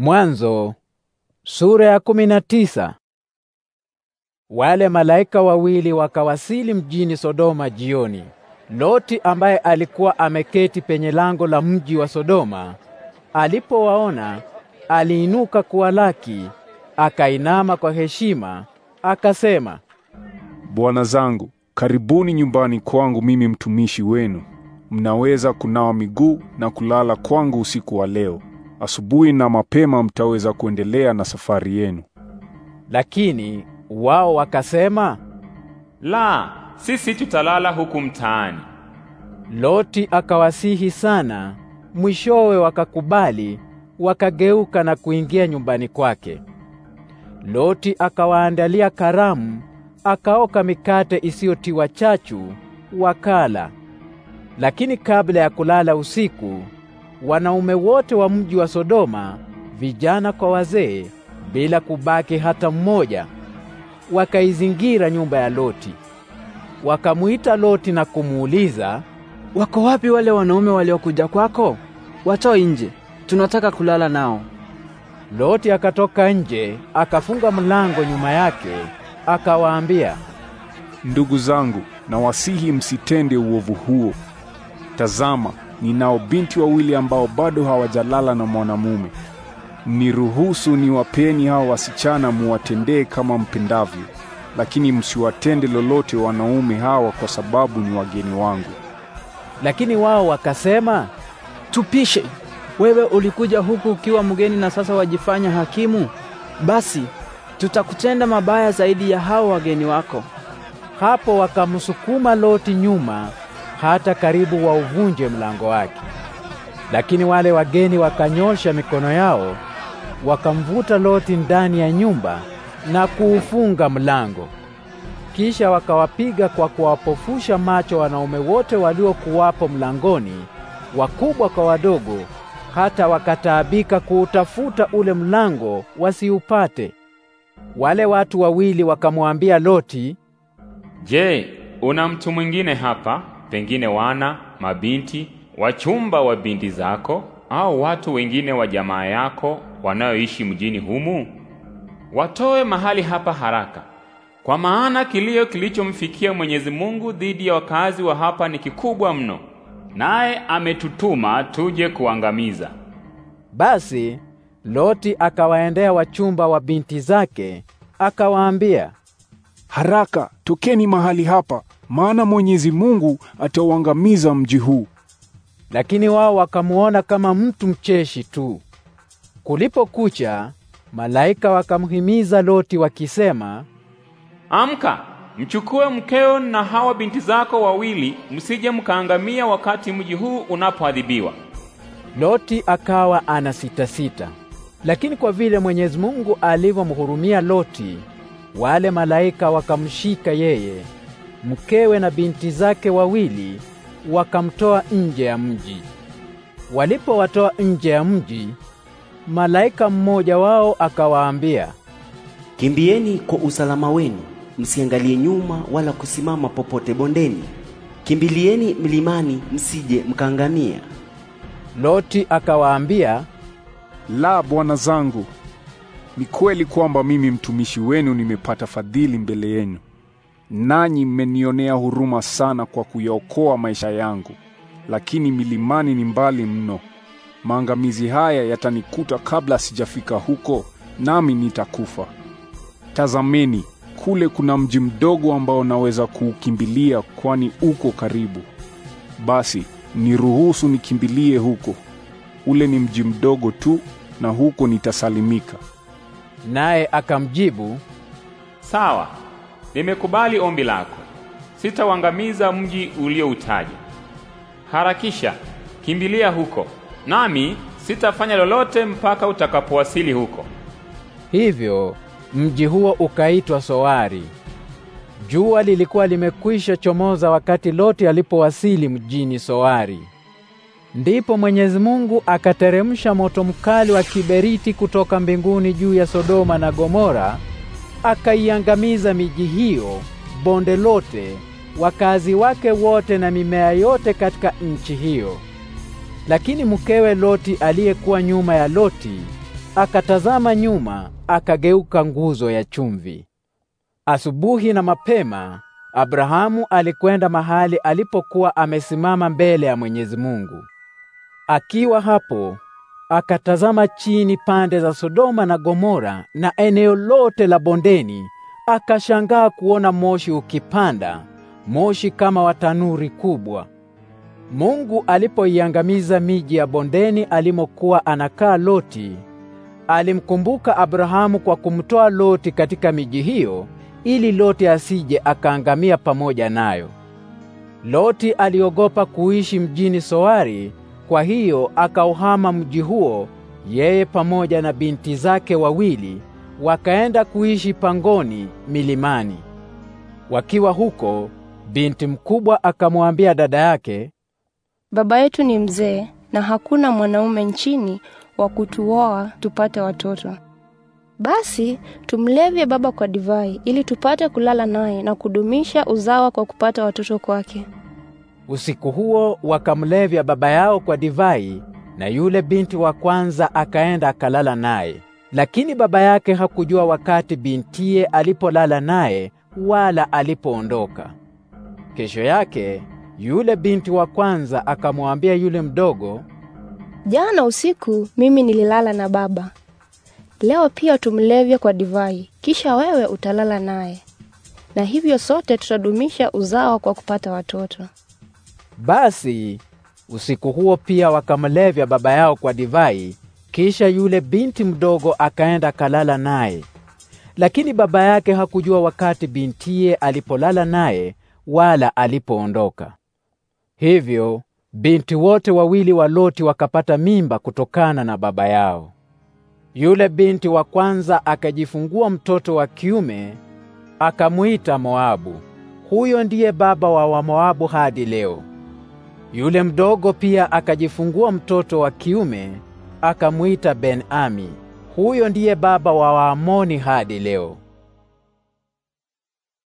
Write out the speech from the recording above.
Mwanzo sura ya kumi na tisa. Wale malaika wawili wakawasili mjini Sodoma jioni. Loti ambaye alikuwa ameketi penye lango la mji wa Sodoma alipowaona aliinuka kuwalaki, akainama kwa heshima akasema, bwana zangu, karibuni nyumbani kwangu, mimi mtumishi wenu, mnaweza kunawa miguu na kulala kwangu usiku wa leo, asubuhi na mapema mtaweza kuendelea na safari yenu. Lakini wao wakasema, la, sisi tutalala huku mtaani. Loti akawasihi sana, mwishowe wakakubali, wakageuka na kuingia nyumbani kwake. Loti akawaandalia karamu, akaoka mikate isiyotiwa chachu, wakala. Lakini kabla ya kulala usiku wanaume wote wa mji wa Sodoma, vijana kwa wazee, bila kubaki hata mmoja, wakaizingira nyumba ya Loti. Wakamuita Loti na kumuuliza, wako wapi wale wanaume waliokuja kwako? Watoe nje, tunataka kulala nao. Loti akatoka nje, akafunga mlango nyuma yake, akawaambia, ndugu zangu, nawasihi msitende uovu huo. Tazama, ninao binti wawili ambao bado hawajalala na mwanamume. Niruhusu niwapeni hawa wasichana muwatendee kama mpendavyo, lakini msiwatende lolote wanaume hawa, kwa sababu ni wageni wangu. Lakini wao wakasema, tupishe, wewe ulikuja huku ukiwa mgeni na sasa wajifanya hakimu? Basi tutakutenda mabaya zaidi ya hao wageni wako. Hapo wakamsukuma Loti nyuma hata karibu wauvunje mlango wake. Lakini wale wageni wakanyosha mikono yao, wakamvuta Loti ndani ya nyumba na kuufunga mlango. Kisha wakawapiga kwa kuwapofusha macho wanaume wote waliokuwapo mlangoni, wakubwa kwa wadogo, hata wakataabika kuutafuta ule mlango wasiupate. Wale watu wawili wakamwambia Loti, "Je, una mtu mwingine hapa?" pengine wana, mabinti, wachumba wa binti zako au watu wengine wa jamaa yako wanaoishi mjini humu? Watoe mahali hapa haraka, kwa maana kilio kilichomfikia Mwenyezi Mungu dhidi ya wakazi wa hapa ni kikubwa mno, naye ametutuma tuje kuangamiza. Basi Loti akawaendea wachumba wa binti zake, akawaambia haraka tokeni mahali hapa, maana Mwenyezi Mungu atauangamiza mji huu. Lakini wao wakamuona kama mtu mcheshi tu. Kulipokucha, malaika wakamhimiza Loti wakisema, amka, mchukue mkeo na hawa binti zako wawili, msije mkaangamia wakati mji huu unapoadhibiwa. Loti akawa ana sita sita, lakini kwa vile Mwenyezi Mungu alivyomhurumia Loti wale malaika wakamshika yeye, mkewe na binti zake wawili, wakamtoa nje ya mji. Walipowatoa nje ya mji, malaika mmoja wao akawaambia, Kimbieni kwa usalama wenu, msiangalie nyuma wala kusimama popote bondeni. Kimbilieni mlimani, msije mkaangamia. Loti akawaambia, la, bwana zangu ni kweli kwamba mimi mtumishi wenu nimepata fadhili mbele yenu, nanyi mmenionea huruma sana kwa kuyaokoa maisha yangu, lakini milimani ni mbali mno. Maangamizi haya yatanikuta kabla sijafika huko, nami nitakufa. Tazameni, kule kuna mji mdogo ambao naweza kuukimbilia, kwani uko karibu. Basi niruhusu nikimbilie huko. Ule ni mji mdogo tu, na huko nitasalimika. Naye akamjibu, sawa, nimekubali ombi lako, sitauangamiza mji ulioutaja. Harakisha, kimbilia huko, nami sitafanya lolote mpaka utakapowasili huko. Hivyo mji huo ukaitwa Soari. Jua lilikuwa limekwisha chomoza wakati Loti alipowasili mjini Soari. Ndipo Mwenyezi Mungu akateremsha moto mkali wa kiberiti kutoka mbinguni juu ya Sodoma na Gomora, akaiangamiza miji hiyo, bonde lote, wakazi wake wote na mimea yote katika nchi hiyo. Lakini mkewe Loti aliyekuwa nyuma ya Loti akatazama nyuma, akageuka nguzo ya chumvi. Asubuhi na mapema Abrahamu alikwenda mahali alipokuwa amesimama mbele ya Mwenyezi Mungu. Akiwa hapo akatazama chini pande za Sodoma na Gomora na eneo lote la bondeni, akashangaa kuona moshi ukipanda, moshi kama wa tanuri kubwa. Mungu alipoiangamiza miji ya bondeni alimokuwa anakaa Loti, alimkumbuka Abrahamu kwa kumtoa Loti katika miji hiyo ili Loti asije akaangamia pamoja nayo. Loti aliogopa kuishi mjini Soari kwa hiyo akauhama mji huo, yeye pamoja na binti zake wawili, wakaenda kuishi pangoni milimani. Wakiwa huko, binti mkubwa akamwambia dada yake, baba yetu ni mzee na hakuna mwanaume nchini wa kutuoa tupate watoto. Basi tumlevye baba kwa divai, ili tupate kulala naye na kudumisha uzawa kwa kupata watoto kwake. Usiku huo wakamlevya baba yao kwa divai, na yule binti wa kwanza akaenda akalala naye. Lakini baba yake hakujua wakati bintiye alipolala naye wala alipoondoka. Kesho yake yule binti wa kwanza akamwambia yule mdogo, jana usiku mimi nililala na baba, leo pia tumlevye kwa divai, kisha wewe utalala naye, na hivyo sote tutadumisha uzao kwa kupata watoto. Basi usiku huo pia wakamlevya baba yao kwa divai, kisha yule binti mdogo akaenda kalala naye. Lakini baba yake hakujua wakati bintiye alipolala naye wala alipoondoka. Hivyo binti wote wawili wa Loti wakapata mimba kutokana na baba yao. Yule binti wa kwanza akajifungua mtoto wa kiume akamuita Moabu. Huyo ndiye baba wa Wamoabu hadi leo. Yule mdogo pia akajifungua mtoto wa kiume akamwita Ben-Ami. Huyo ndiye baba wa Waamoni hadi leo.